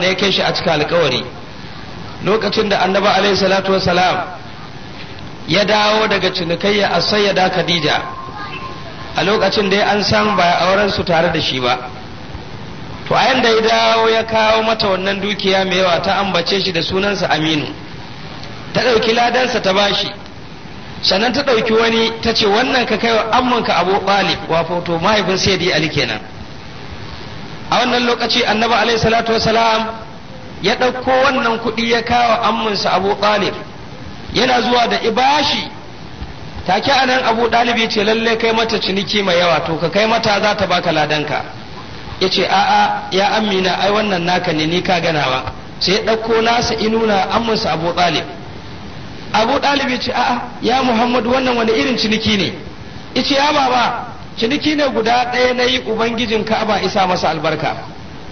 na ya kai shi a cikin alkawari lokacin da annabi alaihi salatu wasalam ya dawo daga cinikayya a sayyada khadija a lokacin da an san ba auren su tare da shi ba to a yanda ya dawo ya kawo mata wannan dukiya mai yawa ta ambace shi da sunansa aminu ta ɗauki ladansa ta bashi sannan ta ɗauki wani ta ce wannan ka kai wa ammanka abu ɓalib wa foto mahaifin sayyidi ali kenan a wannan lokaci annabi alaihi salatu wasalam ya ɗauko wannan kuɗi ya kawo amminsa abu ɗalib yana zuwa da ibashi take a nan abu ɗalibi ce lalle kai mata ciniki mai yawa to ka kai mata za ta baka ladanka ya ce a'a ya amina ai wannan naka ne ni ka ganawa sai ya ɗauko nasa inuna amminsa abu ɗalib abu ɗalibi ce a'a ya muhammadu wannan wani irin ciniki ne ya ce ya baba ciniki ne guda ɗaya na yi ubangijin ka'aba isa masa albarka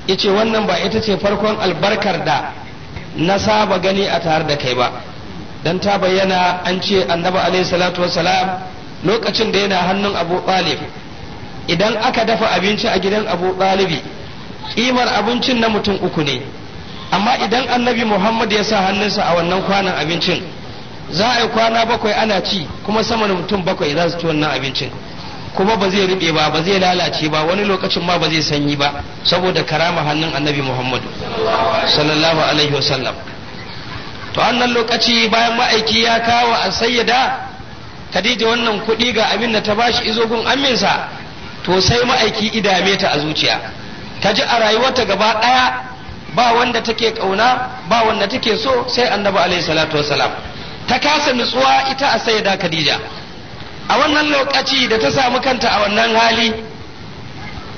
ce wannan ba ita ce farkon albarkar da na saba gani a tare da kai ba don ta bayyana an ce annaba alaihi salatu salam lokacin da yana hannun abu ɗalib idan aka dafa abinci a gidan abu ɗalibi kimar abincin na mutum uku ne amma idan annabi muhammad ya sa hannunsa a wannan kwanan abincin za a yi kwana bakwai ana ci kuma sama da mutum bakwai za su ci wannan abincin kuma ba zai rube ba ba zai lalace ba wani lokacin ma ba zai sanyi ba saboda karama hannun annabi muhammadu sallallahu alaihi wasallam to annan lokaci bayan ma'aiki ya kawo a sayyada khadija wannan kuɗi ga amin da ta bashi izo gun aminsa to sai ma'aiki idame ta a zuciya ta ji a rayuwarta gaba ɗaya ba wanda take ƙauna ba wanda take so sai annabi alaihi salatu wasalam ta kasa nutsuwa ita a sayyada khadija a wannan lokaci da ta samu kanta a wannan hali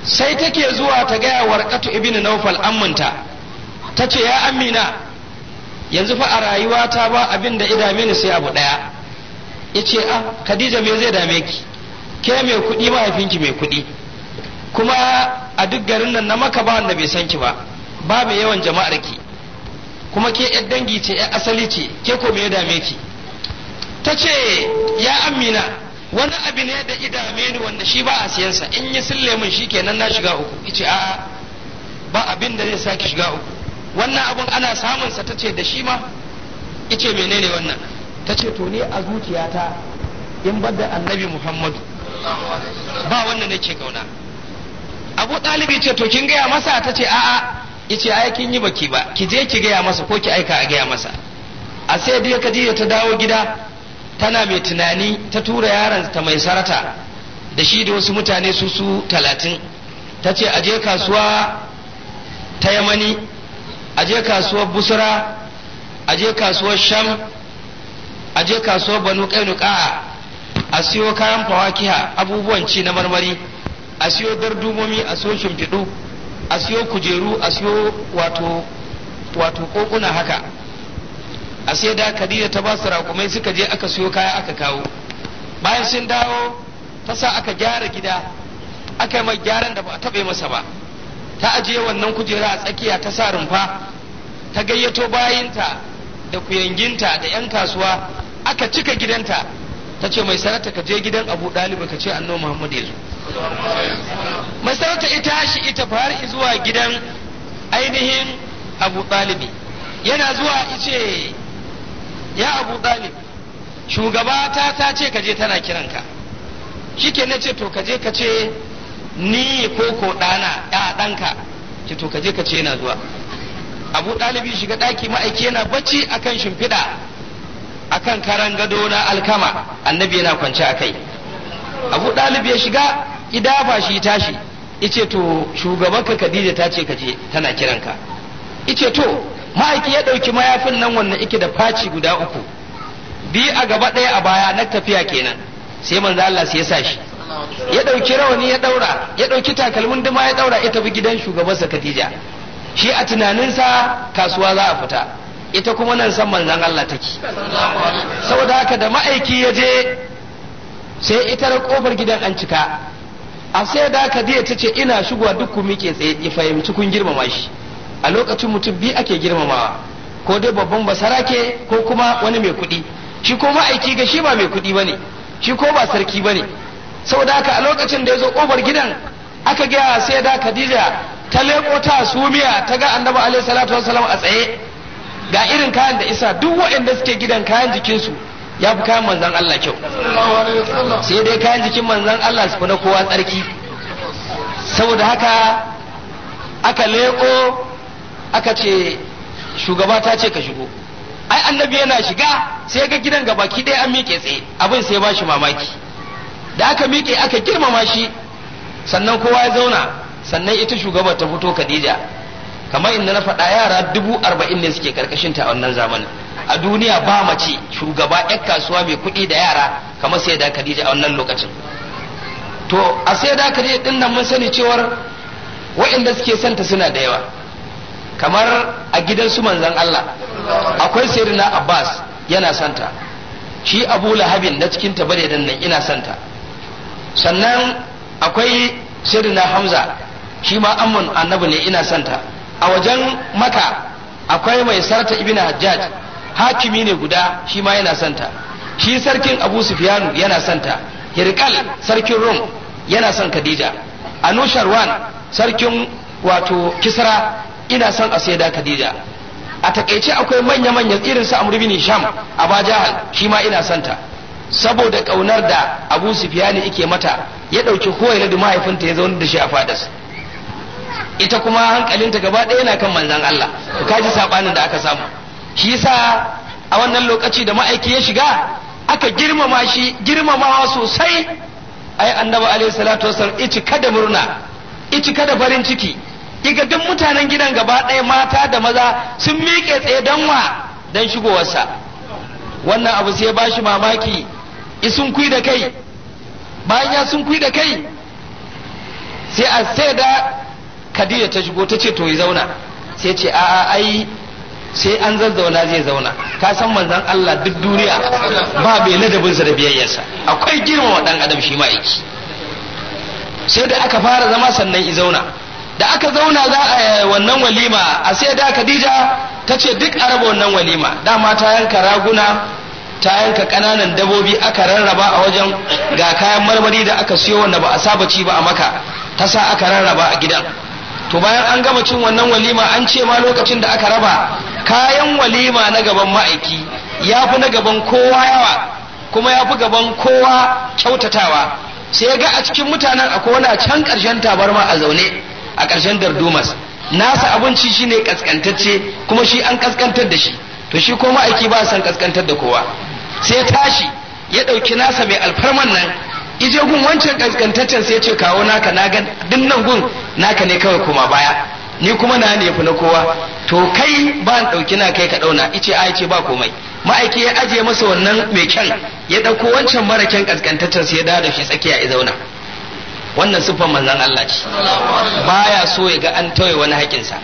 sai take zuwa ta gaya warkatu ibn naufal amminta ta ce ya amina yanzu fa a rayuwa ta ba abin da ida mini sai abu daya ce ah khadija me zai dame ki ke mai kuɗi mahaifinki mai kuɗi kuma a duk garin nan na maka ba wanda bai san ki ba ba mai yawan jama'ar ki kuma ke yar dangi ce yar asali ce ke ko me ya dame ki ta ce ya amina wani abu ne da idame ni wanda shi ba a siyansa in yi sille min shi kenan na shiga uku ice a ba abin da zai sake shiga uku wannan abun ana samun sa tace da shi ma ice menene wannan tace to ni a zuciyata in bar da annabi muhammadu ba wannan nake kauna abu ɗalibi ce to kin gaya masa ta ce a'a ice ai kin yi baki ba ki je ki gaya masa ko ki aika a gaya masa a sai dai ka je ta dawo gida tana mai tunani ta tura yaron ta mai sarata da shi da wasu mutane su su talatin ta ce aje kasuwa ta yamani aje kasuwar busra aje kasuwar sham aje kasuwar banu kainuka a siyo kayan fawakiha abubuwan ci na marmari a siyo dardumomi a siyo shimfiɗu a siyo kujeru a siyo wato wato kokuna haka a sai da Khadija ta basu su raƙumai suka je aka siyo kaya aka kawo bayan sun dawo ta sa aka gyara gida aka yi mai gyaran da ba a taɓa masa ba ta ajiye wannan kujera a tsakiya ta sa rumfa ta gayyato bayinta da kuyanginta da 'yan kasuwa aka cika gidanta ta ce mai sanata ka je gidan abu ɗaliba ka ce anno muhammad ya zo mai sanata ita shi ita har zuwa gidan ainihin abu ɗalibi yana zuwa ice ya abu dalib shugaba ta ce ka je tana kiranka shike na ce to ka je ka ce ni ko ko ɗana ya ɗanka ce to ka je ka ce yana zuwa abu dalibi shiga ɗaki ma'aiki yana bacci akan shimfiɗa akan karan gado na alkama annabi yana kwance a kai abu dalibi ya shiga ba shi tashi ice to shugabanka khadija ta ce ka tana kiranka ice to ma'aiki ya ɗauki mayafin nan wannan ike da faci guda uku bi a gaba ɗaya a baya na tafiya kenan sai manzo Allah sai ya sa shi ya ɗauki rawani ya ɗaura ya ɗauki takalmin duma ya ɗaura ita bi gidan sa Khadija shi a tunaninsa kasuwa za a fita ita kuma nan san manzon Allah take saboda haka da ma'aiki ya je sai ita da kofar gidan an cika a sai da Khadija ta ce ina shigowa duk ku tsaye ya fahimci kun girmama shi a lokacin mutum biyu ake girmamawa ko dai babban basarake ko kuma wani mai kuɗi shi ko ma'aiki ga shi ba mai kuɗi ba ne shi ko ba sarki ba ne saboda haka a lokacin da ya zo ƙofar gidan aka gaya sai da khadija ta leƙo ta sumiya ta ga annabi alaihi salatu wassalam a tsaye ga irin kayan da isa duk waɗanda suke gidan kayan jikinsu ya fi kayan manzan Allah kyau sai dai kayan jikin manzan Allah su na kowa tsarki saboda haka aka leƙo aka ce shugaba ta ce ka shigo ai annabi yana shiga sai ga gidan ga baki ɗaya an miƙe tsaye abin sai ba shi mamaki da aka miƙe aka girmama shi sannan kowa ya zauna sannan ita shugaba ta fito Khadija kamar inda na faɗa yara dubu arba'in ne suke karkashin ta a wannan zamanin a duniya ba mace shugaba yan kasuwa mai kuɗi da yara kamar sai da Khadija a wannan lokacin to a sai da Khadija din mun sani cewar waɗanda suke santa suna da yawa kamar a gidan su manzan Allah akwai sayyidina Abbas yana santa shi Abu Lahabin na cikin dan nan ina santa sannan akwai sayyidina Hamza shi ma amman annabi ne ina santa a wajen maka akwai mai sarta ibn hajjaj hakimi ne guda shi ma yana santa shi sarkin abu Sufyan yana santa hirkal sarkin rum yana son khadija anusharwan sarkin wato kisra ina son a saida Khadija a takaice akwai manya manya irin su Amr Sham Hisham Aba Jahal shi ma ina son ta saboda kaunar da Abu Sufyan yake mata ya dauki koyar da mahaifinta ya zauna da shi a fadas ita kuma hankalinta gaba ɗaya yana kan manzon Allah kaji sabanin da aka samu shi yasa a wannan lokaci da ma'aiki ya shiga aka girmama shi girmamawa sosai ai annabi alaihi salatu wasallam ici kada murna ichi kada farin ciki kika duk mutanen gidan gaba ɗaya mata da maza sun miƙe tsaye don wa don shigowarsa wannan abu sai ba shi mamaki isun kui da kai bayan ya sun kui da kai sai a sai da kadija ta shigo ta ce to yi zauna sai ce a'a ai sai an zazzauna zai zauna ka san manzon Allah duk duniya ba bai ladabinsa da biyayyarsa akwai girmama dan adam shi ma aiki sai da aka fara zama sannan i zauna da aka zauna za a eh, wannan walima a sai da Khadija ta ce duk a raba wannan walima dama ta yanka raguna ta yanka kananan dabobi aka rarraba a wajen ga kayan marmari da aka siyo wanda ba a saba ci ba a maka ta sa aka rarraba a gidan to bayan an gama cin wannan walima an ce ma lokacin da aka raba kayan walima na gaban ma'aiki ya fi na gaban kowa yawa kuma ya fi gaban kowa kyautatawa sai ga a cikin mutanen akwai wani can ƙarshen tabarma a zaune a ƙarshen dardumas nasa abinci shine kaskantacce kuma shi an kaskantar da shi to shi ko ma'aiki ba san kaskantar da kowa sai tashi ya ɗauki nasa mai alfarman nan ije gun wancan kaskantaccen sai ce kawo naka na ga nan gun naka ne kawai kuma baya ni kuma na ne fi na kowa to kai ba ɗauki na kai ka ɗauna ice a ce ba komai ma'aiki ya ajiye masa wannan mai kyan ya ɗauko wancan mara kyan kaskantaccen sai ya dawo da shi tsakiya ya zauna wannan siffar manzan Allah ce baya so ya ga an tauye wani haƙinsa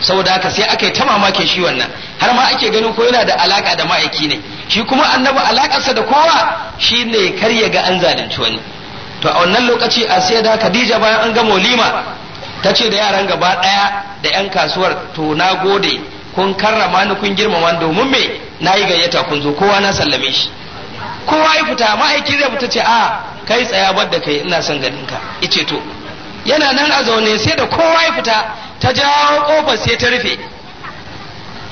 saboda haka sai aka yi ta mamake shi wannan har ma ake ganin ko yana da alaka da ma'aiki ne shi kuma annabi alakarsa da kowa shi ne kar ya ga an zalunci wani to a wannan lokaci a sai da Khadija bayan an gama walima ta ce da yaran gaba daya da yan kasuwar to na gode kun karrama ni kun girmama domin me nayi gayyata kun zo kowa na sallame shi kowa ya fita ma'aiki zai fita ce a ah, kai tsaya da kai ina son ganin ka ice to yana nan a zaune sai da kowa ya fita ta jawo kofar sai ta rufe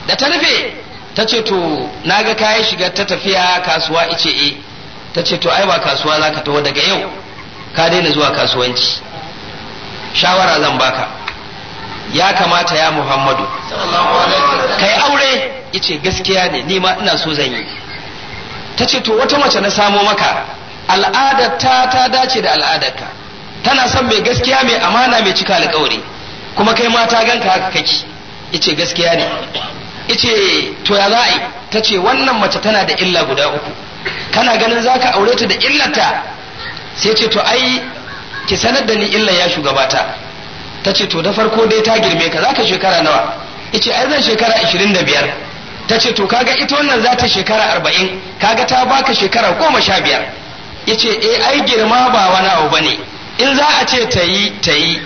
da ta rufe ta ce to na ga kayan shiga ta tafiya kasuwa ice e ta ce to ai ba kasuwa zaka ka taho daga yau ka daina zuwa kasuwanci shawara zan baka ya kamata ya muhammadu kai aure ice gaskiya ne nima ina so zan yi ta ce to wata mace na samo maka al'adar ta ta dace da al'adarka tana son mai gaskiya mai amana mai cika alƙawari kuma kai ma ta ganka haka kake yace gaskiya ne yace to ya za'a ta ce wannan mace tana da illa guda uku kana ganin zaka aure ta da ta. sai ce to ai ki sanar da ni illar ya shugabata ta ce to da farko dai ta girme ka zaka shekara nawa yace ai zan shekara 25 ta ce to kaga ita wannan za ta shekara arba'in kaga ta baka shekara goma sha biyar ya ce e ai girma ba wani abu ba ne in za a ce ta yi ta yi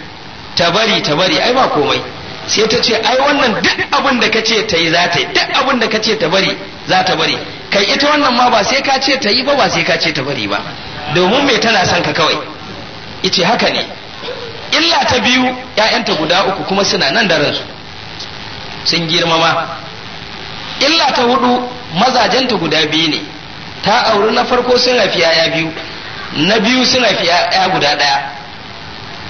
ta bari ta bari ai ba komai sai ta ce ai wannan duk abin da ka ce ta yi za ta yi duk abin da ka ce ta bari za ta bari kai ita wannan ma ba sai ka ce ta yi ba ba sai ka ce ta bari ba domin me tana son ka kawai ce haka ne illa ta biyu ta guda uku kuma suna nan da ransu sun girmama illa ta hudu mazajenta guda biyu ne ta auri na farko sun haifi ya biyu na biyu sun haifi ya guda ɗaya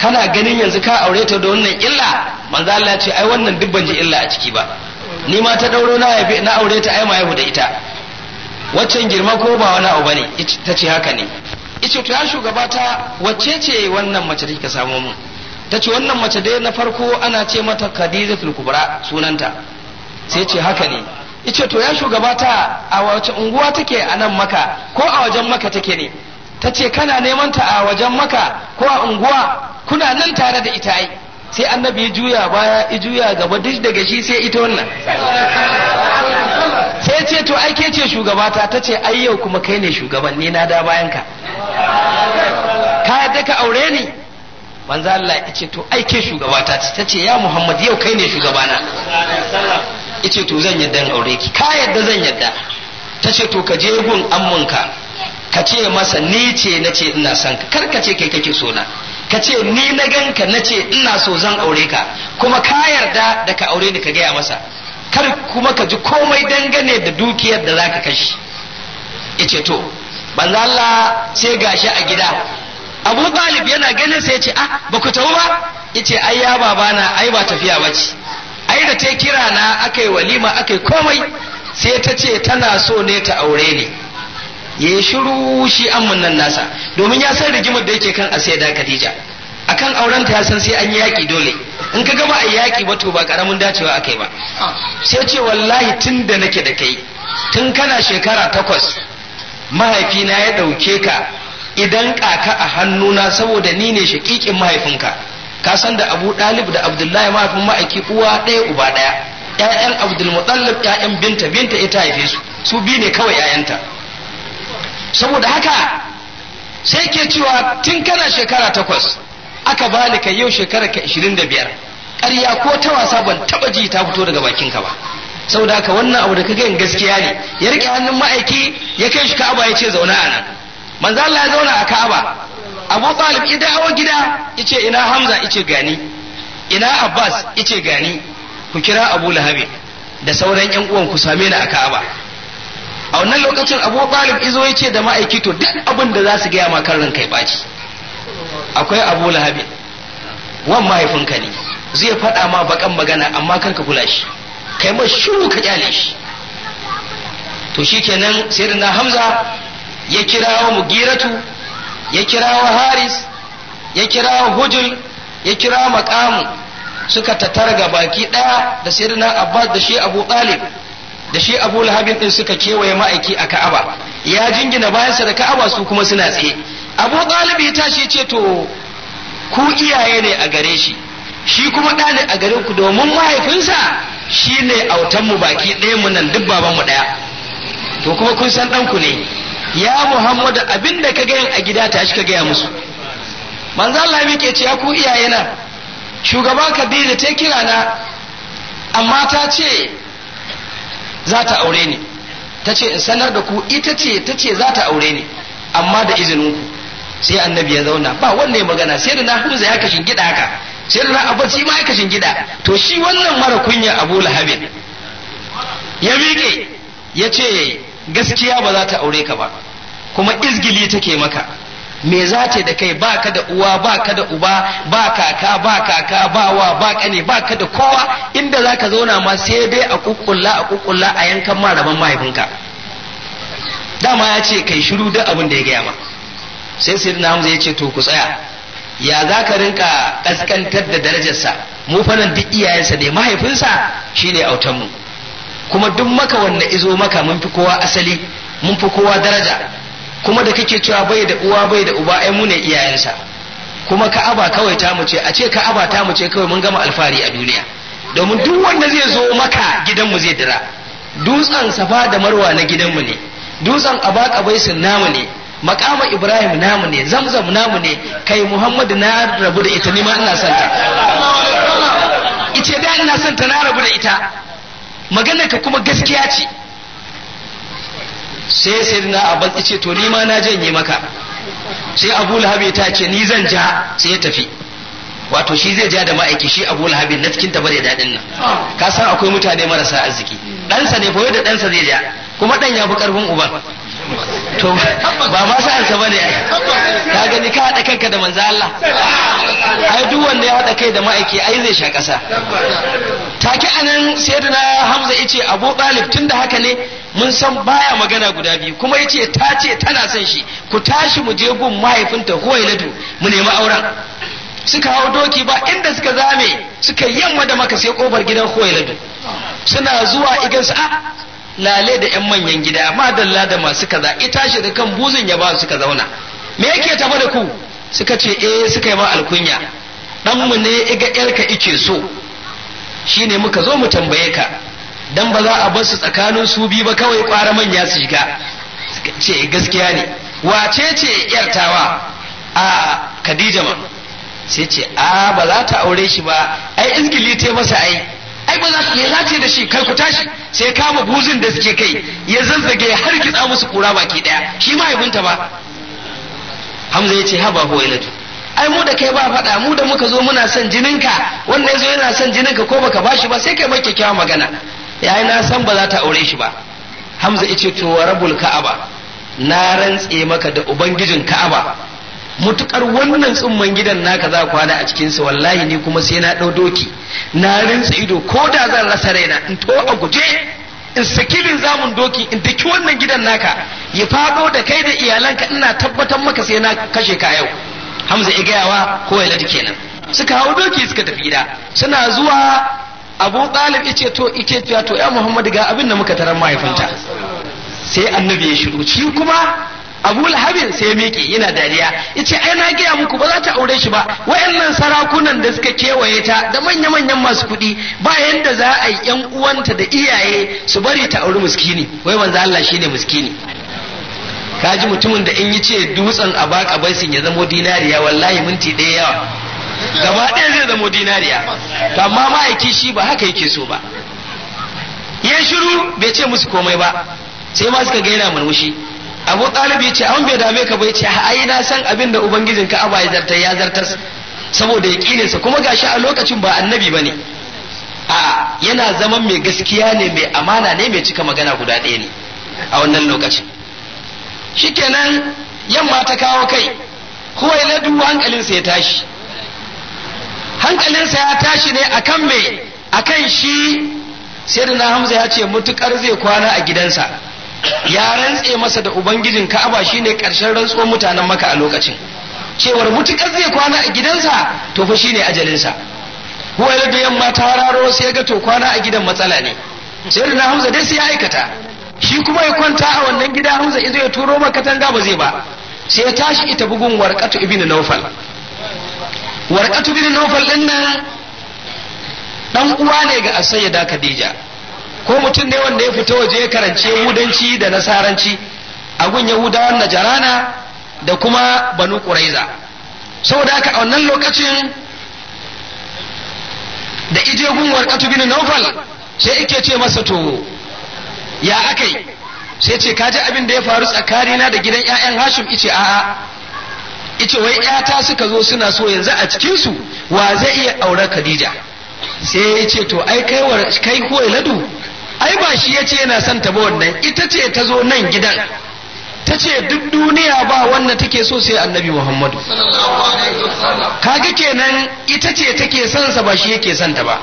kana ganin yanzu ka aure ta da wannan illa manzo Allah ce ai wannan duk ban ji illa a ciki ba ni ma ta dauro na haifi na aure ta ai ma haihu da ita waccan girma ko ba wani abu bane ta ce haka ne ita to ya shugaba ta wacce ce wannan mace da kika samu mu ta ce wannan mace dai na farko ana ce mata khadijatul kubra sunanta sai ce haka ne ice to ya shugabata a wace unguwa take a nan maka ko a wajen maka take ne ta ce kana neman ta a wajen maka ko a unguwa kuna nan tare da ita ai sai annabi ya juya baya ya juya gaba duk daga shi sai ita wannan sai ce to ai ke ce shugabata ta ce ai yau kuma kai ne shugaban ni na da bayan ka ka yadda ka aure ni manzo Allah ya ce to ai ke shugabata ta ce ya Muhammad yau kai ne shugabana yace to zan yadda in aure ki ka yadda zan yadda ta ce to ka je gun amminka ka ce masa ni ce na ce ina son ka kar ka ce kai kake so na ka ce ni na ganka na ce ina so zan aure ka kuma ka yarda da ka aure ni ka gaya masa kar kuma ka ji komai dangane da dukiyar da zaka kashi yace to banza Allah sai gashi a gida Abu Talib yana ganin sai ya ce ah ba ku tafi ba yace ai ya babana ai ba tafiya bace ai da ta kira na aka yi walima aka yi komai sai ta ce tana so ne ta aure ni ya yi shiru shi amin nan nasa domin ya san rigimar da yake kan sai da khadija akan auren ta ya san sai an yi yaƙi dole in ka gama a yaƙi ba to ba ƙaramin dacewa yi ba sai ce wallahi tun da nake da kai tun kana shekara takwas mahaifina ya ɗauke ka idan kaka a hannuna saboda ni ne shaƙiƙin mahaifinka ka san da abu dalib da abdullahi mahaifin ma'aiki uwa ɗaya uba ɗaya ƴaƴan abdulmutallib ƴaƴan binta binta ita haife su su bi ne kawai ƴaƴanta saboda haka sai ke cewa tun kana shekara takwas aka bani ka yau shekara ka ishirin da biyar ƙarya ko ta wasa ban taɓa ji ta fito daga bakin ka ba saboda haka wannan abu da ka yin gaskiya ne ya riƙe hannun ma'aiki ya kai shi ka'aba ya ce zauna a nan manzo Allah ya zauna a ka'aba abu talib ya dawo gida ce ina hamza ce gani ina abbas ce gani ku kira abu lahabi da sauran yan uwan ku same ni a ka'aba a wannan lokacin abu talib izo ya ce da ma'aikito duk abin da za su gaya ma kan kai baci akwai abu lahabi wan mahaifinka ne zai faɗa ma bakan magana amma kan ka kula shi kai ma shiru ka kyale shi to shi shikenan sayyidina hamza ya kira mu mugiratu ya wa haris ya wa hujul ya kira makamu suka tatarga baki daya da sayyidina abbas da shi abu talib da shi abu lahabin din suka kewaye ma'aiki a ka'aba ya jingina bayan sa da ka'aba su kuma suna tsaye abu talib ya tashi ce to ku iyaye ne a gare shi shi kuma ɗa ne a gare ku domin mahaifinsa shi ne mu baki ɗaya mu nan duk mu ɗaya to kuma kun san ɗanku ne ya muhammadu abinda ka gayan a gida tashi ka gaya musu manzo Allah ke ce ya ku iyayena Shugaban Khadija ta kira na amma ta ce za ta aure ni ta ce in sanar da ku ita ce ta ce za ta aure ni amma da izinin ku sai annabi ya zauna ba wannan magana sai da na hamza ya kashin gida haka sai da na abaci ma ya kashin gida to shi wannan mara kunya abu lahabin ya miƙe ya ce gaskiya ba za ta aure ka ba kuma izgili take maka me za ta da kai ba ka da uwa ba ka da uba ba kaka ba kaka ba wa ba kane ba ka da kowa inda za ka zauna ma sai dai a kukkulla a kukkulla a yankan ma mahaifinka dama ya ce kai shiru duk abin da ya gaya ma sai sayyidina hamza ya ce to ku tsaya ya za ka rinka kaskantar da darajarsa mu fanan duk iyayensa ne mahaifinsa shine autanmu mu kuma duk maka wanda izo maka mun fi kowa asali mun fi kowa daraja kuma da kake cewa bai da uwa bai da uba ai mu ne iyayensa kuma ka'aba kawai ta mu ce a ce ka'aba ta mu ce kawai mun gama alfahari a duniya domin duk wanda zai zo maka gidanmu zai dira dutsen safa da marwa na gidanmu ne dutsen abaka sun namu ne makama ibrahim namu ne zamzam namu ne kai muhammadu na rabu da ita nima ina santa ice da ina santa na rabu da ita Maganarka kuma gaskiya ce sai sai na ya ce to ni ma na janye maka sai abu lahabi ta ce ni zan ja sai ya tafi wato shi zai ja da ma'aiki shi abu lahabi na cikin ta bare daɗin nan ka san akwai mutane marasa arziki ɗansa ne fa da ɗansa zai ja kuma ɗan ya fi ƙarfin uban to ba ma sa ka bane ka gani ka haɗa kanka da manzo Allah ai duk wanda ya haɗa kai da ma'aiki ai zai sha ƙasa take anan sayyidina Hamza yace Abu Talib tunda haka ne mun san baya magana guda biyu kuma yace ta ce tana son shi ku tashi mu je gun mahaifinta Huwailadu mu nemi auren suka hau doki ba inda suka zame suka yamma da maka sai kofar gidan Huwailadu suna zuwa igansu a ah, lale da yan manyan gida madalla da masu kaza ita shi da kan buzin ya ba su ka zauna me yake tafa da ku suka ce eh suka yi ma alkunya dan mu ne iga yarka ike so shine muka zo mu tambaye ka dan ba za a bar su tsakanin su bi ba kawai kwara manya su shiga suka ce gaskiya ne wace ce yartawa a Khadija ma sai ce a ba za ta aure shi ba ai iskili ta masa ai ai ba za su ya zace da shi kai ku tashi sai kama buzin da suke kai ya zanzage har kitsa musu kura baki daya shi ma ya ba hamza ya ce ba huwa ilatu ai mu da kai ba faɗa mu da muka zo muna son jininka wanda yazo yana son jininka ko baka bashi ba sai kai mai kyakkyawa magana yayi na san ba za ta aure shi ba hamza ya ce to rabbul ka'aba na rantse maka da ubangijin ka'aba mutukar wannan tsumman gidan naka za kwana a cikinsa wallahi ni kuma sai na ɗau doki na rinsa ido ko da zan rasa raina in to a guje in saki bin zamun doki in daki wannan gidan naka ya faɗo da kai da iyalanka ina tabbatar maka sai na kashe ka yau hamza ya gayawa ko ya ladi kenan suka hau doki suka tafi gida suna zuwa abu ɗalib ya ce to ike to ya Muhammadu ga abin da muka tarar mahaifinta sai annabi ya shiru shi kuma abu lahabin sai miƙe yana dariya ce ai na gaya muku ba za ta aure shi ba wayannan sarakunan da suka kewaye ta da manya manyan masu kuɗi ba yadda za a yi yan uwanta da iyaye su bari ta auri miskini wai manzo Allah ne miskini ji mutumin da in yi ce dutsen a baka baisin ya zamo dinariya wallahi minti ɗaya yawa gaba ɗaya zai zamo dinariya to amma ma'aiki shi ba haka yake so ba ya shiru bai ce musu komai ba sai ma suka gaina murmushi abu ɗalibi ya ce an bai dame ka bai ce ai na san abin da ubangijin ka aba ya zartar ya zartar saboda yaƙininsa kuma gashi a lokacin ba annabi ba a yana zaman mai gaskiya ne mai amana ne mai cika magana guda ɗaya ne a wannan lokacin shikenan yamma ta kawo kai huwai na duhu hankalinsa ya tashi hankalinsa ya tashi ne akan mai akan shi sai hamza ya ce mutukar zai kwana a gidansa ya rantse masa da ubangijin ka'aba shine karshen rantsuwar mutanen maka a lokacin cewar mutukar zai kwana a gidansa to fa shine ajalinsa ya da yamma ta raro sai ga to kwana a gidan matsala ne sai na hamza dai sai ya aikata shi kuma ya kwanta a wannan gida hamza izo ya turo maka tanga ba zai ba sai ya tashi ita bugun warqatu ibnu nawfal warqatu ibnu nawfal nan dan uwa ne ga asayyada khadija ko mutum ne wanda ya fita waje ya karance yahudanci da nasaranci a gun yahudawan najarana da kuma banu ƙuraiza saboda haka a wannan lokacin da ije gunwar warƙatu naufal sai ike ce masa to ya akai sai ce kaji abin da ya faru tsakanina da gidan 'ya'yan hashim ice a'a ice wai 'yata suka zo suna so yanzu a cikinsu wa zai iya auren khadija sai ya ce to ai kai kai ko ladu ai ba shi ya ce yana son ta ba wannan ita ce ta zo nan gidan ta ce duk duniya ba wannan take so sai annabi muhammadu kaga kenan ita ce take son sa ba shi yake son ta ba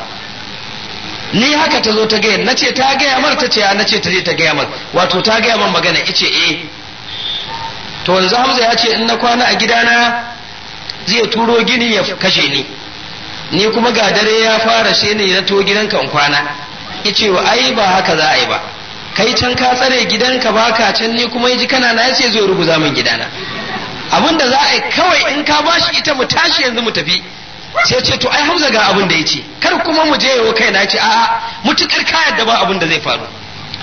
ni haka ta zo ta gaya na ce ta gaya mar ta ce ah, na ce ta je ta gaya mar wato ta gaya man magana ice eh to yanzu hamza ya ce in na kwana a gidana zai turo gini ya kashe ni ni kuma ga dare ya fara sai ne na to gidanka in kwana ya ce ai ba haka za a yi ba kai can ka tsare gidanka ba ka can ni kuma ya ji kana na ya zo ruguza min gidana abin da za a yi kawai in ka bashi ita mu tashi yanzu mu tafi sai ce to ai hamza ga abin da ya ce kar kuma mu je yawo kai na ce a'a mutukar ka yadda ba abin da zai faru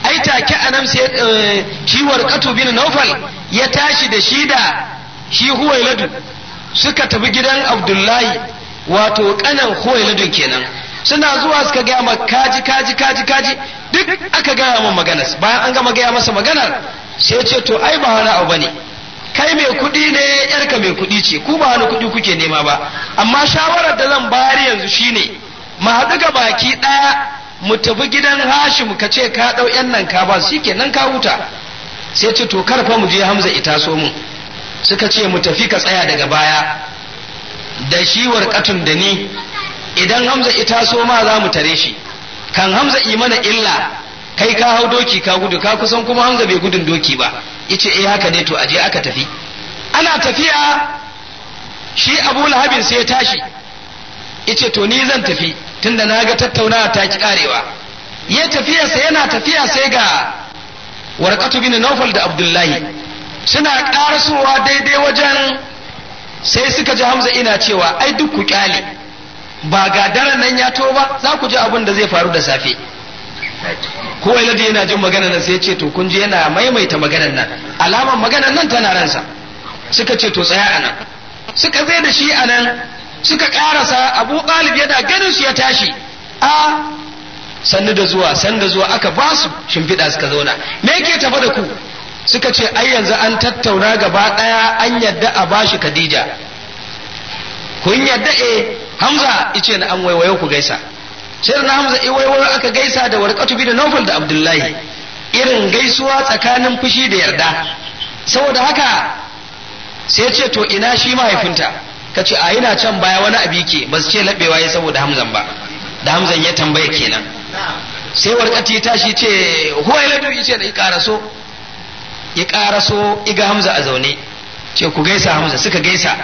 ai take nan sai eh, kiwar katu bin naufal ya tashi da shi da shi huwailadu suka tafi gidan abdullahi wato kanan huwailadun kenan suna zuwa suka gaya ma kaji kaji kaji kaji duk aka gaya min maganar bayan an gama gaya masa maganar sai ce to ai ba wani abu bane kai mai kuɗi ne yarka mai kuɗi ce ku ba wani kuɗi kuke nema ba amma shawarar da zan bayar yanzu shine mu haɗu ga baki ɗaya mu tafi gidan hashim ka ce ka ɗau yan nan ka ba shi kenan ka huta sai ce to kar mu je hamza ita so mun suka ce mu tafi ka tsaya daga baya da shi warƙatun da ni idan hamza ita so ma za mu tare shi kan hamza yi mana illa kai ka hau doki ka gudu ka kusan kuma hamza bai gudun doki ba ice eh haka ne to aje aka tafi ana tafiya shi abu lahabin sai ya tashi ice to ni zan tafi tunda na ga tattaunawa ta ki karewa ya tafiya sai yana tafiya sai ga warqatu bin nawfal da abdullahi suna karasowa daidai wajen sai suka ji hamza ina cewa ai duk ku kyale ba ga daren nan ya to ba za ku ji abin da zai faru da safe ko ladi yana jin magana nan sai ce to kun ji yana maimaita maganar nan alaman maganar nan tana ransa suka ce to tsaya anan suka zai da shi anan suka karasa abu ɗalib yana ganin su ya tashi a sannu da zuwa sannu da zuwa aka ba su shimfiɗa suka zauna me yake tafa da ku suka ce ai yanzu an tattauna gaba ɗaya an yadda a bashi Kadija. kun yadda eh hamza ice na an waiwayo ku gaisa sai na hamza waiwayo aka gaisa da warqatu bi da nawfal da abdullahi irin gaisuwa tsakanin fushi da yarda saboda haka sai ce to ina shi mahaifinta ka a ina can baya wani abi ke ba su ce labewa ya saboda hamzan ba da hamzan ya tambaya kenan sai warqati ta shi ce huwa ya ladu ce da ya so ya so iga hamza a zaune ce ku gaisa hamza suka gaisa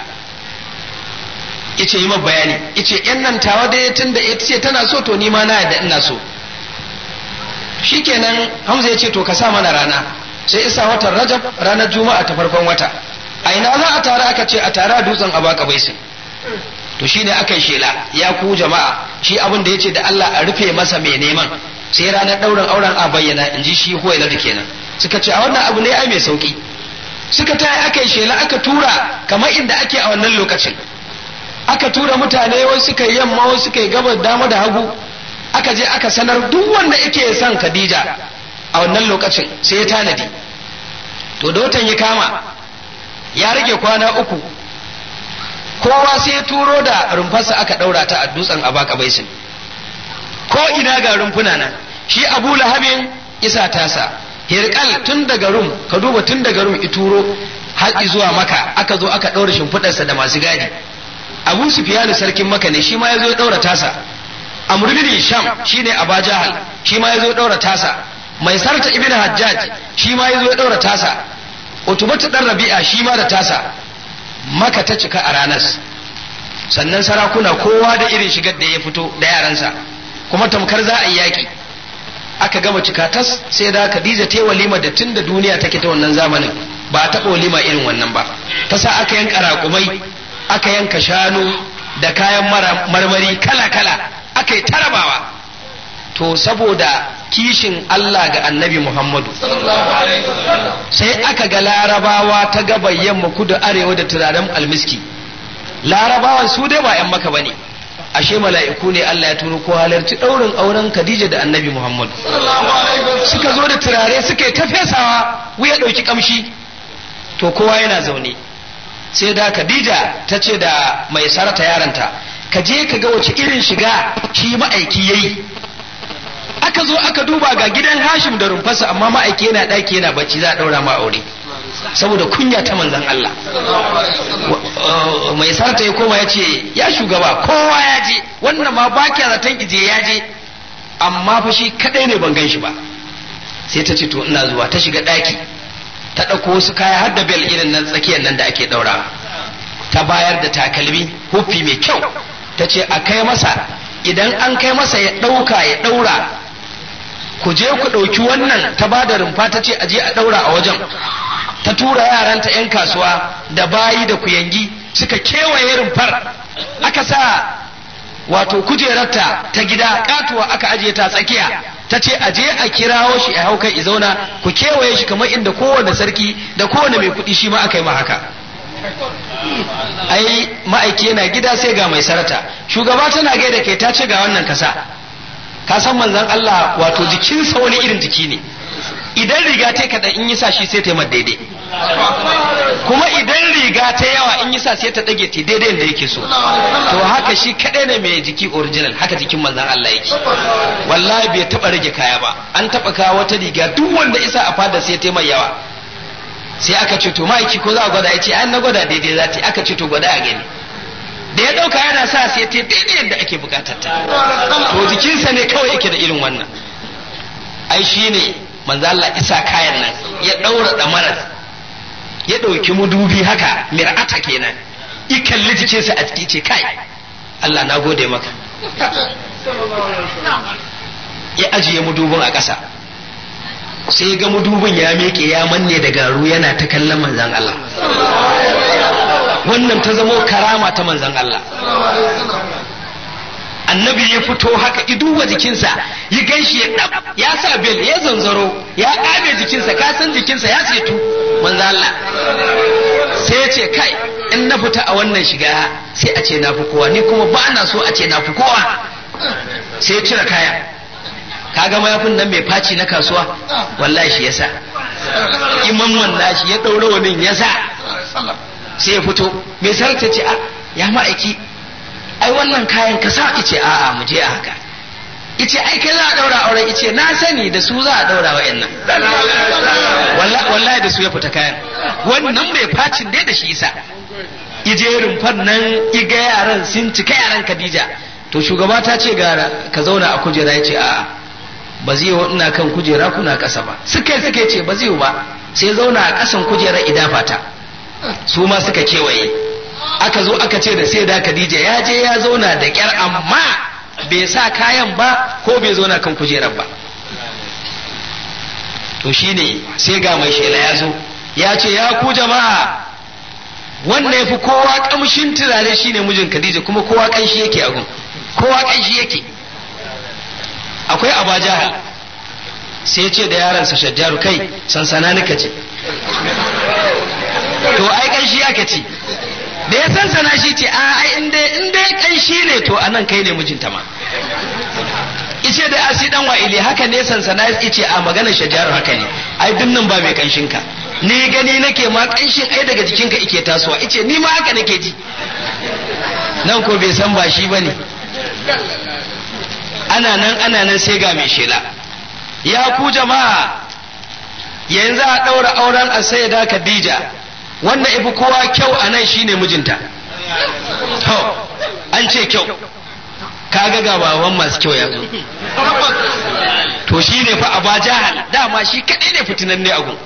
yace yi ma bayani yace yan nan tawa ya tunda ita ce tana so to ni ma na yadda ina so shikenan Hamza yace to ka sa mana rana sai isa watan Rajab ranar Juma'a ta farkon wata a ina za a tara aka ce a tare a dutsen Abaka Baisin to shine yi shela ya ku jama'a shi abin da yace da Allah a rufe masa mai neman sai ranar ɗaurin auren a bayyana in ji shi huwa da kenan suka ce a wannan abu ne ai mai sauki suka ta aka yi shela aka tura kamar inda ake a wannan lokacin aka tura mutane wai suka yi yamma wai suka yi gabas dama da hagu aka je aka sanar duk wanda yake son Khadija a wannan lokacin sai ya tanadi to da watan ya kama ya rage kwana uku kowa sai ya turo da rumfarsa aka daura ta a dutsen abaka baisin ko ina ga rumfuna nan shi abu lahabin isa tasa hirkal tun daga rum ka duba tun daga rum ituro har zuwa maka aka zo aka ɗaura shimfiɗarsa da masu gadi abu sufiyanu sarkin maka ne shi ma ya zo ya ɗaura tasa amr sham shi ne aba jahal shi ma ya zo ya ɗaura tasa mai sarta ibn hajjaj shi ma ya zo ya ɗaura tasa utubatu dan rabi'a shi ma da tasa maka ta cika a ranar sannan sarakuna kowa da irin shigar da ya fito da yaransa kuma tamkar za a yi yaƙi aka gama cika tas sai da Khadija ta walima da tun da duniya take ta wannan zamanin ba a taɓa walima irin wannan ba ta sa aka yanka raƙumai aka yanka shanu da kayan marmari kala-kala aka yi tarabawa to saboda kishin Allah ga annabi Muhammadu sai aka ga larabawa ta gaba yamma kudu arewa da turaren almiski larabawan su dai ba 'yan maka ba ne ashe mala'iku ne Allah ya turo ko halarci ɗaurin auren Khadija da annabi Muhammadu suka zo da turare suka tafesawa wuya ɗauki kamshi to kowa yana zaune sai da Khadija ta ce da mai sarata yaranta ka je ka ga wace irin shiga shi ma'aiki yayi aka zo aka duba ga gidan Hashim da Rumfasa amma ma'aiki yana daki yana bacci za a daura ma aure saboda kunya ta manzon Allah mai sarata ya koma ya ce ya shugaba kowa ya je wannan ma ba kya zaton ije ya je amma fa shi kadai ne ban gan shi ba sai ta ce to ina zuwa ta shiga ɗaki. ta ɗauko wasu kaya har da bel irin nan tsakiyar nan da ake ɗaura ta bayar da takalmi huffi mai kyau ta ce a kai masa idan an kai masa ya ɗauka ya ɗaura ku je ku ɗauki wannan ta ba da rumfa ta ce a je a ɗaura a wajen ta tura yaran ta 'yan kasuwa da bayi da kuyangi suka kewaye rumfar aka sa wato kujerarta ta gida katuwa aka ajiye ta tsakiya ta ce a je a kirawo shi a hauka i zauna ku kewaye shi kamar inda kowane sarki da kowane mai kuɗi shi ma aka yi ma haka ai ma'aiki yana gida sai ga mai sarata shugaba tana gaida kai ta ce ga wannan kasa ka san manzon Allah wato jikinsa wani irin jiki ne idan riga ta kaɗai in yi sa shi sai ta yi daidai kuma idan riga ta yawa in yi sa sai ta dage ta daidai da yake so to haka shi kadai ne mai jiki original haka jikin manzon Allah yake wallahi bai taba rage kaya ba an taba kawo wata riga duk wanda isa a fada sai ta mai yawa sai aka ce to ma'aiki ko za a gwada ce an na gwada daidai za ta aka ce to gwada a gani da ya ɗauka yana sa sai ta daidai yadda ake bukatar ta to jikinsa ne kawai yake da irin wannan ai shine manzo Allah isa kayan nan ya daura damarar ya ɗauki mudubi haka mir'ata kenan ikalli jikinsa a ciki ce kai Allah na gode maka ya ajiye mudubin a ƙasa sai ga mudubin ya meke ya manne da garu yana ta kallon manzan Allah wannan ta zamo karama ta manzan Allah annabi ya fito haka iduwa jikinsa ya ganshi ya ya sa bel ya zanzaro ya ƙame jikinsa kasan jikinsa ya setu manzo Allah sai ce kai in na fita a wannan shiga sai a ce na fi kowa ni kuma ba na so a ce na fi kowa sai cire kaya kaga mayafin nan mai faci na kasuwa wallahi shi yasa imam wallahi ya daura wani yasa sai ya fito mai sarta ce a ah, ya ma'aiki ai wannan kayan ka sa ce a'a mu je a haka ice ai kai za a daura auren ice na sani da su za a daura wa'annan wallahi da su ya fita kayan wannan bai facin dai da shi isa ije rumfan nan iga yaran sun cika yaran Kadija. to shugaba ta ce gara ka zauna a kujera ya ce a'a ba zai yi ina kan kujera kuna kasa ba suka suka ce ba zai ba sai zauna a kasan kujera ida fata su ma suka kewaye aka zo aka ce da sai da Khadija ya je ya zauna da kyar amma bai sa kayan ba ko bai zo na kan kujerar ba to shine sai ga mai shela ya zo ya ce ya ku jama'a wanda ya fi kowa kamshin turare shine mijin Khadija kuma kowa kanshi yake a gun kowa kanshi yake akwai abajaha sai ce da yaransa shajjaru kai sansana nika ce to ai kanshi aka ce da ya sansana shi ce a ah, ai in dai in dai shi ne to anan kai ne mijinta ma ice da asi ah, dan wa'ili haka ne sansana ice a ah, maganar shajarar haka ne ai dinnan ba mai kanshin ka ni gani nake ma kanshin ai daga jikinka ike tasowa ice ni ma haka nake ji nan ko bai san ba shi bane ana nan ana nan sai ga mai shela ya ku jama'a yanzu a ɗaura auren asaida khadija Wannan ibi kowa kyau a nan shine mijinta an ce kyau kaga ga baban masu kyau ya zo to shi ne fa ba jahal dama shi kadai ne fitinan ne agun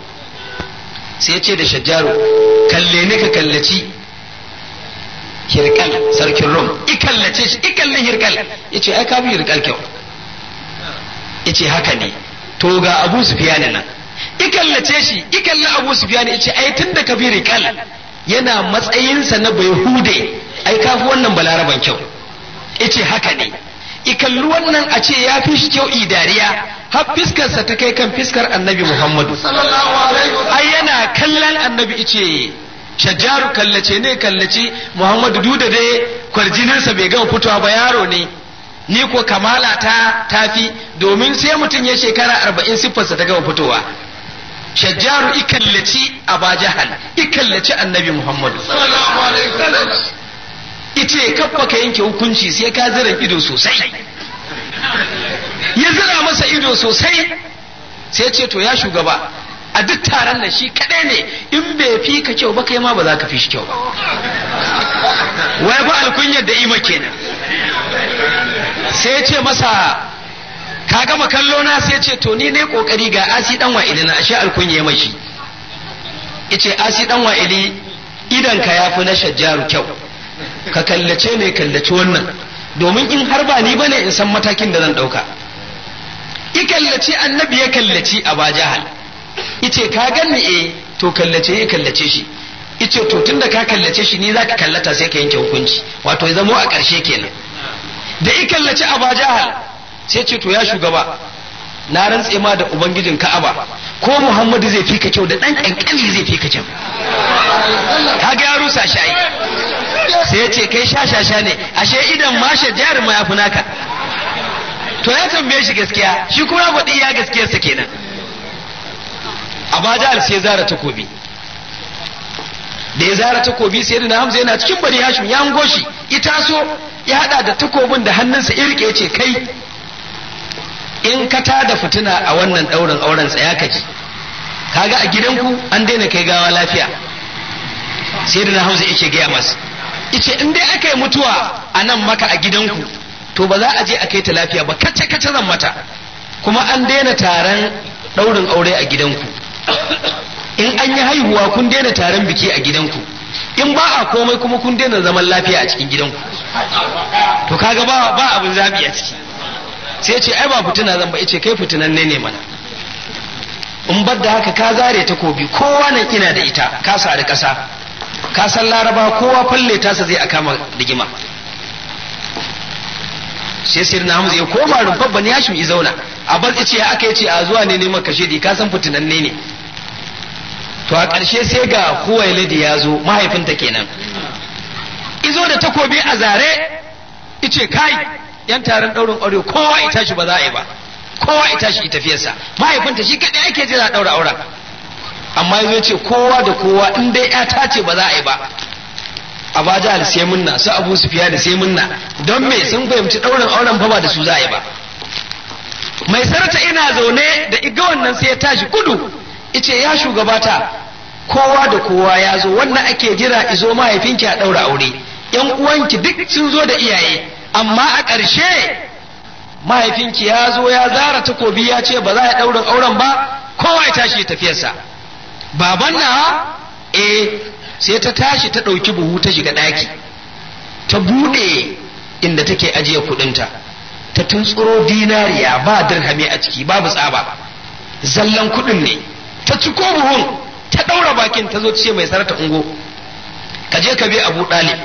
sai ce da shajjaro kalle ni ka kallaci hirkal sarkin rom i kallace shi i kalli hirkal ya ce ai ka bi hirkal kyau ya ce haka ne to ga abu su fiya nan ikallace shi ikalla abu sufyan ya ce ai tun da kabiri kal yana matsayinsa na bai hude ai kafi wannan balaraban kyau ice haka ne ikallu wannan a ce ya fi shi kyau idariya har fiskarsa ta kai kan fiskar annabi muhammadu ai yana kallon annabi ice shajaru kallace ne kallace muhammadu duda dai kwarjininsa bai gama fitowa ba yaro ne ni ko kamala ta tafi domin sai mutum ya shekara arba'in siffarsa ta gama fitowa shajjaru ikallaci aba jahal ikallaci annabi muhammad ice kafa ka yanke hukunci sai ka zira ido sosai ya zira masa ido sosai sai ce to ya shugaba a duk taron da shi kaɗai ne in bai fi ka kyau ba kai ma ba za ka fi shi kyau ba wai ba alkunyar da ima kenan sai ce masa ka gama kallo na sai ce to ni ne kokari ga asi dan wa'ili na ashe alkunye mashi yace asi dan wa'ili idan ka yafi na shajjaru kyau ka kallace ne kallace wannan domin in har ba ni bane in san matakin da zan dauka ki kallace annabi ya kallaci a ba jahal ice ka ganni eh to kallace ya kallace shi yace to tunda ka kallace shi ni zaka kallata sai ka yanke hukunci wato ya zamo a ƙarshe kenan da i kallace a jahal sai ce to ya shugaba na rantse ma da ubangijin ka'aba ko muhammadu zai fika kyau da ɗan kankani zai fika kyau ka ga rusa shi sai ya ce kai shashasha ne ashe idan masha jarin ma ya fi naka to ya tambaye shi gaskiya shi kuma ya faɗi ya gaskiyarsa kenan ba jihar sai zara takobi da ya zara takobi sai da hamza yana cikin bari hashim ya hango shi ita so ya hada da takobin da hannunsa irke ce kai in ka tada fitina a wannan ɗaurin auren tsaya ka kaga a gidanku an daina kai gawa lafiya sai da na hausa yake gaya masu ice in dai aka yi mutuwa a nan maka a gidanku to ba za a je a kai ta lafiya ba kace kace zan mata kuma an daina taron ɗaurin aure a gidanku in an yi haihuwa kun daina taron biki a gidanku in ba a komai kuma kun daina zaman lafiya a cikin gidanku to kaga ba ba abin zabi a ciki sai ce ai ba fitina zan ba yace kai fitinan ne mana in bar da haka ka zare takobi kowa nan ina da ita ka sa da kasa ka san laraba kowa falle tasa zai a kama rigima sai sai na hamza ya koma rumfar bani hashim i zauna a bar ce ya aka yace a zuwa ne neman kashe di ka san fitinan ne to a ƙarshe sai ga Ladi ya zo mahaifinta kenan izo da takobi a zare ice kai yan taron ɗaurin aure kowa ya tashi ba za a yi ba kowa ita tashi tafiyarsa mahaifinta shi kaɗai ake jira daura auren amma ya ce kowa da kowa in dai ya ta ce ba za a yi ba a ba jihar sai munna su abu su fiya da sai munna don me sun fahimci ɗaurin auren fa ba da su za a yi ba mai sarata ina zaune da iga wannan sai ya tashi gudu ice ya shugabata kowa da kowa ya zo wannan ake jira izo mahaifinki a ɗaura aure yan uwanki duk sun zo da iyaye amma a ƙarshe mahaifinki ya zo ya zara takobi ya ce ba za a ɗaurin auren ba kowa ya tashi tafiyarsa baban na eh sai ta tashi ta ɗauki buhu ta shiga ɗaki ta buɗe inda take ajiye kuɗinta ta tuntsuro dinariya ba dirhami a ciki babu tsaba zallan kuɗin ne ta ciko buhun ta ɗaura bakin ta zo ce mai sarata ungo ka je ka bi abu ɗalib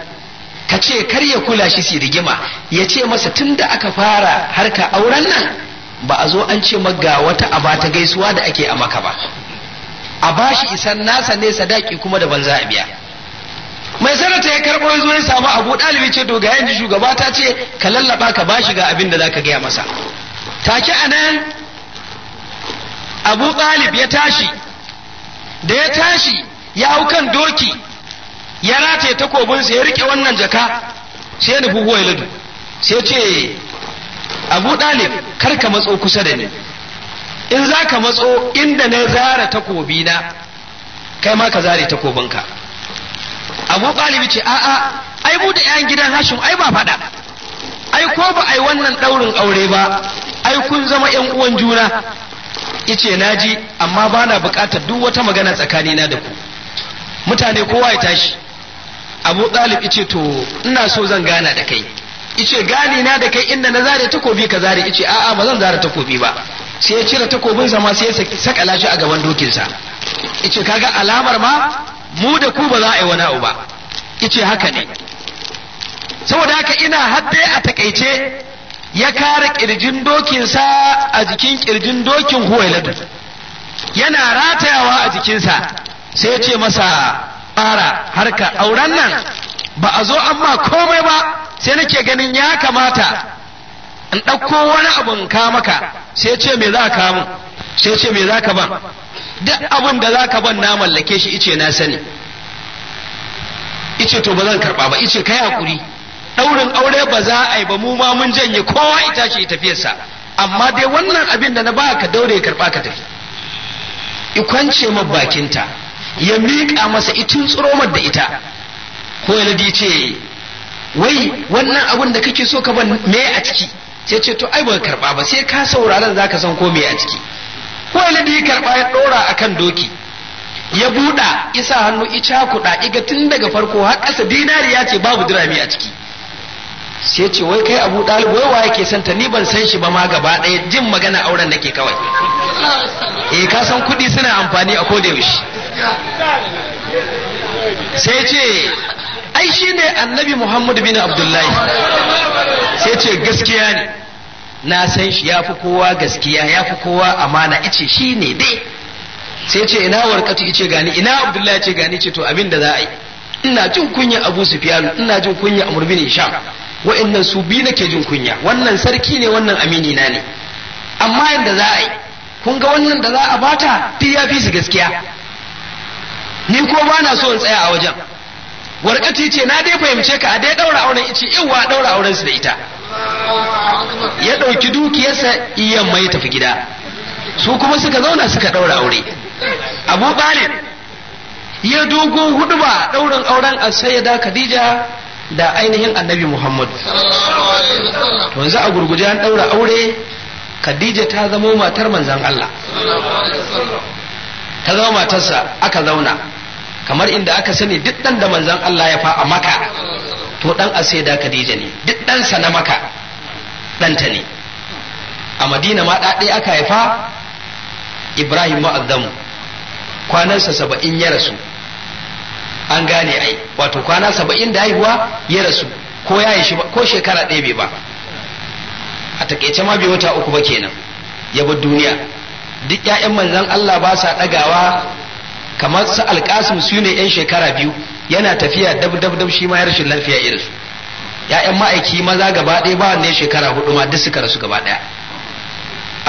ta ce kar ya kula shi su rigima ya ce masa tun da aka fara harka auren nan ba a zo an ce ga wata aba ta gaisuwa da ake a maka ba a bashi isan nasa ne sadaki kuma da banza a biya mai sanata ya karɓo ya zo ya samu abu ɗalibi ce doga yanzu shugaba ta ce ka lallaba ka ba shi ga abin da ka gaya masa take a nan abu ɗalib ya tashi da ya tashi ya hau kan doki ya rataye takobinsa ya rike wannan jaka sai ya nufi huwa ladu sai ce abu ɗalib kar ka matso kusa da ni in za ka matso inda na zara takobina kai ma ka zare takobinka abu ɗalib ce a'a ai mu da 'yan gidan hashim ai ba faɗa ai ko ba ai wannan ɗaurin aure ba ai kun zama 'yan uwan juna ice naji amma bana bukatar duk wata magana tsakanina da ku mutane kowa ya tashi abu ɗalib ice to ina so zan gana da kai ice gani na da kai inda na zare takobi ka zare ice a'a ba zan zare takobi ba sai ya cire takobin sa ma sai ya sakala shi a gaban dokinsa ice kaga alamar ma mu da ku ba za a yi wani abu ba ice haka ne saboda haka ina hadde a takaice ya kare kirjin dokinsa a jikin kirjin dokin huwailadu yana ratayawa a jikinsa sai ya ce masa fara harka auren nan ba a zo amma komai ba sai nake ganin ya kamata in ɗauko wani abun ka maka sai ce me za ka mun sai ce me za ka ban duk abin da za ka ban na mallake shi ice na sani ice to ba zan karɓa ba ice kai hakuri ɗaurin aure ba za a yi ba mu ma mun janye kowa ita ce tafiyarsa amma dai wannan abin da na ba ka daure karɓa ka tafi ikwance ma bakinta ya miƙa masa itin tsiromar da ita Ko Ladi ce wai wannan abin da kake so ka ban me a ciki sai ce to ai ba karba ba sai ka sauraron za ka san ko me a ciki ko ya karba ya ɗora akan doki ya buɗa isa hannu ica kuɗa iga tun daga farko har ƙasa dinariya ce babu dirami a ciki sai ce wai kai abu ɗalib wai wa yake santa ni ban san shi ba ma gaba ɗaya jin magana auren da ke kawai eh ka san kuɗi suna amfani a koda yaushe sai ce ai shi ne annabi muhammadu bin abdullahi sai ce gaskiya ne na san shi ya fi kowa gaskiya ya fi kowa amana ice shi ne dai sai ce ina warkatu ice gani ina abdullahi ce gani ce to abin da za a yi ina jin kunya abu sufiyanu ina jin kunya amr bin hisham wa'annan su bi nake jin kunya wannan sarki ne wannan amini na ne amma yadda za a yi kun ga wannan da za a bata duk ya fi su gaskiya ni ko ba na so in tsaya a wajen warkati ce na dai fahimce ka a dai ɗaura auren ice yawa daura auren su da ita ya ɗauki dukiyarsa iyan mai tafi gida su kuma suka zauna suka ɗaura aure abu ɓalin ya dogo hudu ba ɗaurin auren a sayyada Kadija da ainihin annabi muhammad to yanzu a gurguje an ɗaura aure khadija ta zama matar manzan allah ta zama matarsa aka zauna kamar inda aka sani duk dan da manzon Allah ya fa a maka to dan aseda Khadija ne duk ɗansa na maka ta ne a madina ma dai aka haifa ibrahim kwanan sa saba'in ya rasu an gane ai wato kwana saba'in da haihuwa ya rasu ko ya yi ko shekara ɗaya bai ba a takaice ma bai wata uku ba kenan ya bar duniya duk ƴaƴan manzon Allah ba sa ɗagawa kamar su alkasim su ne yan shekara biyu yana tafiya dab dab dab shi ma ya rashin lafiya irin su ya'yan ma'aiki maza gaba ɗaya ba wanne shekara hudu ma duk suka rasu gaba ɗaya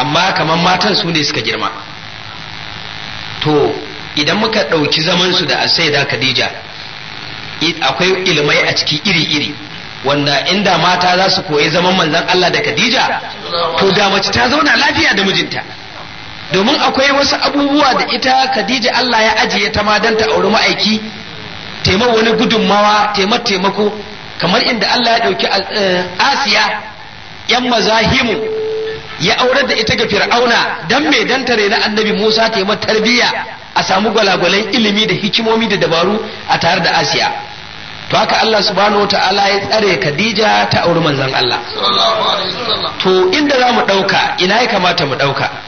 amma kamar matan su ne suka girma to idan muka ɗauki zaman su da asaida khadija akwai ilimai a ciki iri iri wanda inda mata za su koyi zaman manzon Allah da khadija to da mace ta zauna lafiya da mijinta domin akwai wasu abubuwa da ita Khadija Allah ya ajiye ta ma dan ta auri ma'aiki taima wani gudunmawa taima taimako kamar inda Allah ya ɗauki eh, Asiya yan mazahimu ya aurar da ita ga Fir'auna dan me dan tare na Annabi Musa taima tarbiyya a samu gwalagwalan ilimi da hikimomi da dabaru a tare da Asiya to haka Allah subhanahu wata'ala ya tsare Khadija ta auri manzon Allah to inda za mu ɗauka ina ya kamata mu ɗauka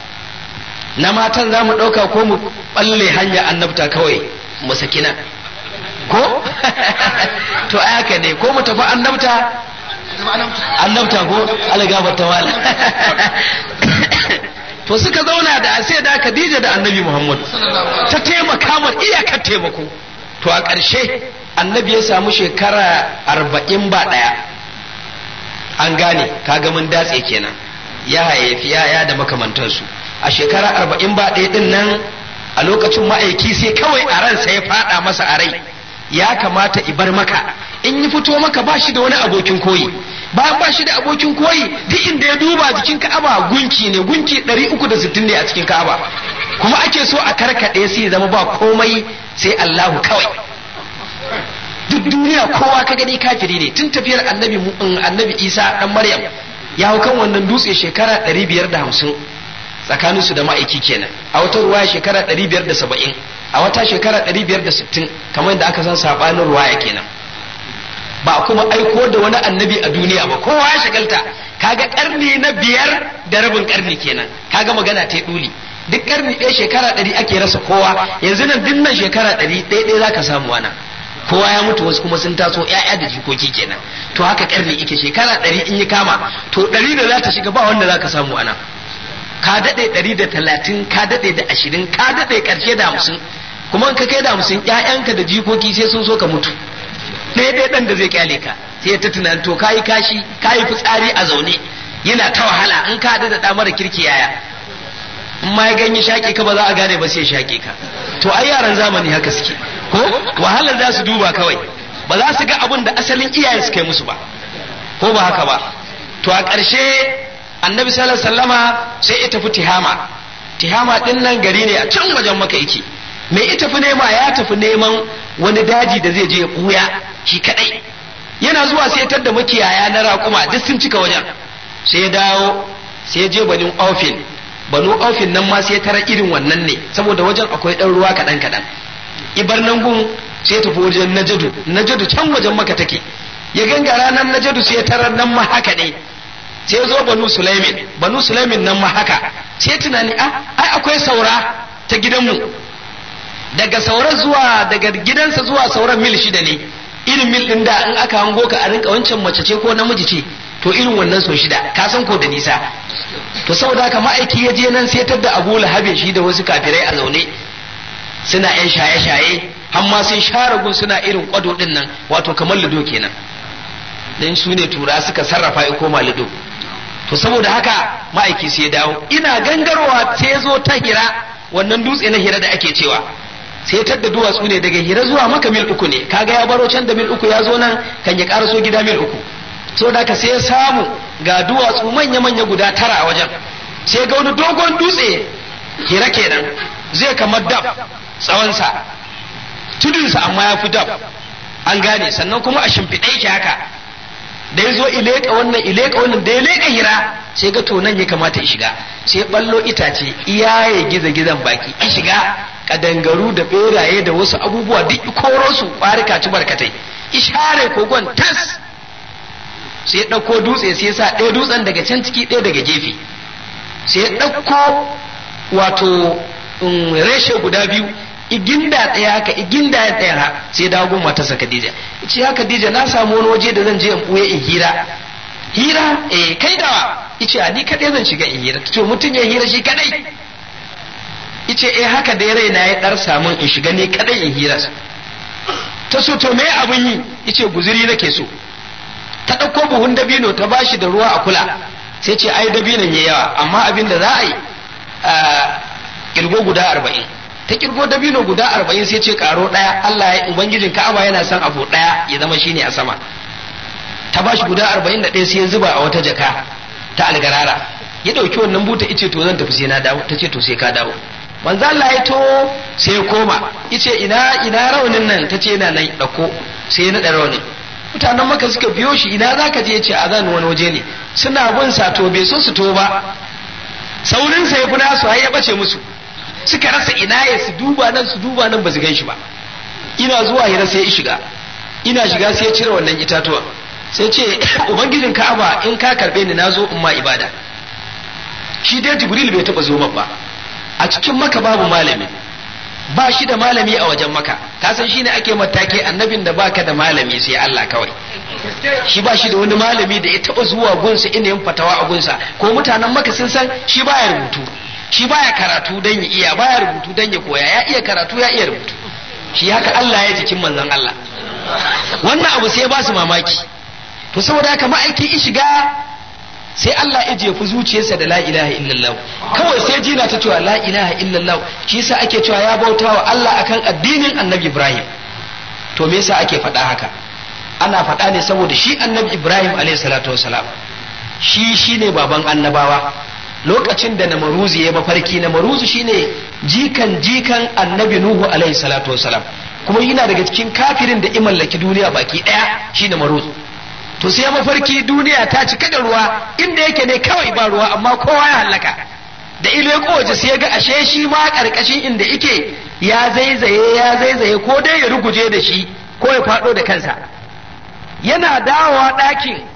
na matan za mu ɗauka ko mu ɓalle hanya annabta kawai mu sakina ko to aka ne ko mu tafi annabta annabta ko algabar tawala to suka zauna da ase da Khadija da Annabi Muhammad ta taimaka ma iyaka taimako to a ƙarshe Annabi ya samu shekara arba'in ba ɗaya an gane kaga mun datse kenan ya haifi ya da makamantansu a shekara arba'in ba ɗaya ɗin nan a lokacin ma'aiki sai kawai a ransa ya faɗa masa a rai ya kamata ibar maka in yi fito maka ba shi da wani abokin koyi bayan ba shi da abokin koyi duk inda ya duba jikin ka'aba gunki ne gunki uku da sittin ne a cikin ka'aba kuma ake so a karkaɗe sai zama ba komai sai Allahu kawai duk duniya kowa ka gani kafiri ne tun tafiyar annabi annabi Isa dan Maryam ya hau kan wannan dutse shekara biyar da hamsin. tsakanin su da ma'aiki kenan a wata ruwaya shekara 570 a wata shekara 560 kamar yadda aka san sabanin ruwaya kenan ba kuma aiko da wani annabi a duniya ba kowa ya shagalta kaga karni na biyar da rabin karni kenan kaga magana ta duli duk karni ɗaya shekara ɗari ake rasa kowa yanzu nan duk nan shekara ɗari ɗaya ɗaya zaka samu wani kowa ya mutu wasu kuma sun taso ya'ya da jikoki kenan to haka karni ike shekara ɗari in yi kama to ɗari da za ta shiga ba wanda zaka samu ana ka daɗe ɗari da talatin ka daɗe da ashirin ka daɗe ƙarshe da hamsin kuma ka kai da hamsin ƴaƴanka da jikoki sai sun so ka mutu ɗaya ɗaya ɗan da zai kyale ka sai ta tunan to kayi kashi kayi fitsari a zaune yana ta wahala in ka da mara kirki yaya in ma ya ganye shaƙe ka ba za a gane ba sai shaƙe ka to ai yaran zamani haka suke ko wahalar za su duba kawai ba za su ga abin da asalin iyayen su kai musu ba ko ba haka ba to a ƙarshe annabi sallallahu alaihi wasallama sai ya tafi tihama tihama din nan gari ne a can wajen maka yake me ya tafi nema ya tafi neman wani daji da zai je ya buya shi kadai yana zuwa sai tar da makiyaya na raƙuma duk sun cika wajen sai ya dawo sai ya je banin ofin banu ofin nan ma sai tara irin wannan ne saboda wajen akwai dan ruwa kaɗan kadan ibar nan gun sai tafi wajen najadu najadu can wajen maka take ya ganga ranar najadu sai tara nan ma haka ne sai zo banu sulaimin banu sulaimin nan ma haka sai tunani a ah, ai akwai saura ta gidanmu daga sauran zuwa daga gidansa zuwa sauran mil shida ne irin mil din da in aka hango ka a rinka wancan mace ce ko namiji ce to irin wannan so shida ka san ko da nisa to saboda haka ma'aiki ya je nan sai tadda Abu lahabe shi da wasu kafirai a zaune suna yan shaye-shaye har ma sun share gun suna irin kwado din nan wato kamar lido kenan don su ne tura suka sarrafa ya koma lido to saboda haka ma'aiki sai ya dawo ina gangarwa ta zo ta hira wannan dutse na hira da ake cewa sai tadda duwatsu ne daga hira zuwa maka mil uku ne kaga ya baro can da mil uku ya zo nan kan ya karaso gida mil uku so da ka sai samu ga duwatsu manya-manya guda tara a wajen sai ga wani dogon dutse hira kenan zai kamar dab tsawonsa tudunsa amma ya fi dab an gane sannan kuma a shimfiɗe ki haka da ya zo ileka wannan ileka wannan da ya leka hira sai ga to nan ya kamata ya shiga sai ballo itace iyaye giza-gizan baki ya shiga kadangaru da beraye da wasu abubuwa duk koro su kwarika ci barkatai ishare kogon tas sai dauko dutse sai sa ɗaya dutsen daga can ciki ɗaya daga gefe sai ɗauko wato um, reshe guda biyu iginda ɗaya haka iginda ɗaya tsaya sai dawo gun matarsa Khadija ce ya Khadija na samu wani waje da zan je in buye in hira hira eh kai dawa ce a ni kaɗai zan shiga in hira to mutum ya hira shi kadai ce eh haka da rai na ya dar samun in shiga ni kadai in hira ta so to me abun yi ce guzuri nake so ta ɗauko buhun dabino ta bashi da ruwa a kula sai ce ai dabinon ya yawa amma abin da za a yi kirgo guda arba'in ta kirgo dabino guda arba'in sai ce karo ɗaya Allah ya ubangijin ka'aba yana son abu ɗaya ya zama shine a sama ta bashi guda arba'in da ɗaya sai ya zuba a wata jaka ta algarara ya ɗauki wannan buta ice to zan tafi sai na dawo ta ce to sai ka dawo manzo Allah ya to sai ya koma ice ina ina raunin nan ta ce yana nan ɗauko sai ya naɗa raunin mutanen maka suka biyo shi ina za ka je ce a zan wani waje ne suna bin sa to bai so su to ba saurin sa ya su har ya bace musu suka rasa ina ya su duba nan su duba nan ba su gan shi ba ina zuwa hira sai ya shiga ina shiga sai ya cire wannan itatuwa sai ce ubangijin ka'aba in ka karbe ni nazo in ma ibada shi dai jibril bai taba zo ba a cikin maka babu malami ba shi da malami a wajen maka ka san shine ake matake annabin da baka da malami sai Allah kawai shi ba shi da wani malami da ya taba zuwa gunsa ina yin fatawa a gunsa ko mutanen maka sun san shi baya rubutu shi baya karatu dan ya iya baya rubutu dan ya koya ya iya karatu ya iya rubutu shi haka Allah ya jikin manzon Allah wannan abu sai ba su mamaki to saboda haka ma'aiki shiga sai Allah ya jefi zuciyarsa da la ilaha illallah kawai sai jina ta cewa la ilaha illallah shi yasa ake cewa ya bauta wa Allah akan addinin Annabi Ibrahim to me yasa ake faɗa haka ana faɗa ne saboda shi Annabi Ibrahim alaihi salatu wasalam shi shine baban annabawa lokacin da namaruzi ya mafarki namaruzi shine jikan jikan annabi nuhu alaihi salatu wasalam kuma yana daga cikin kafirin da imallaki duniya baki ɗaya shi namaruzi to sai mafarki duniya ta cika da ruwa inda yake ne kawai ba ruwa amma kowa ya hallaka da ilo ya kowace sai ga ashe shi ma karkashin inda ike ya zaizaye ya zaizaye ko dai ya ruguje da shi ko ya faɗo da kansa yana dawowa ɗakin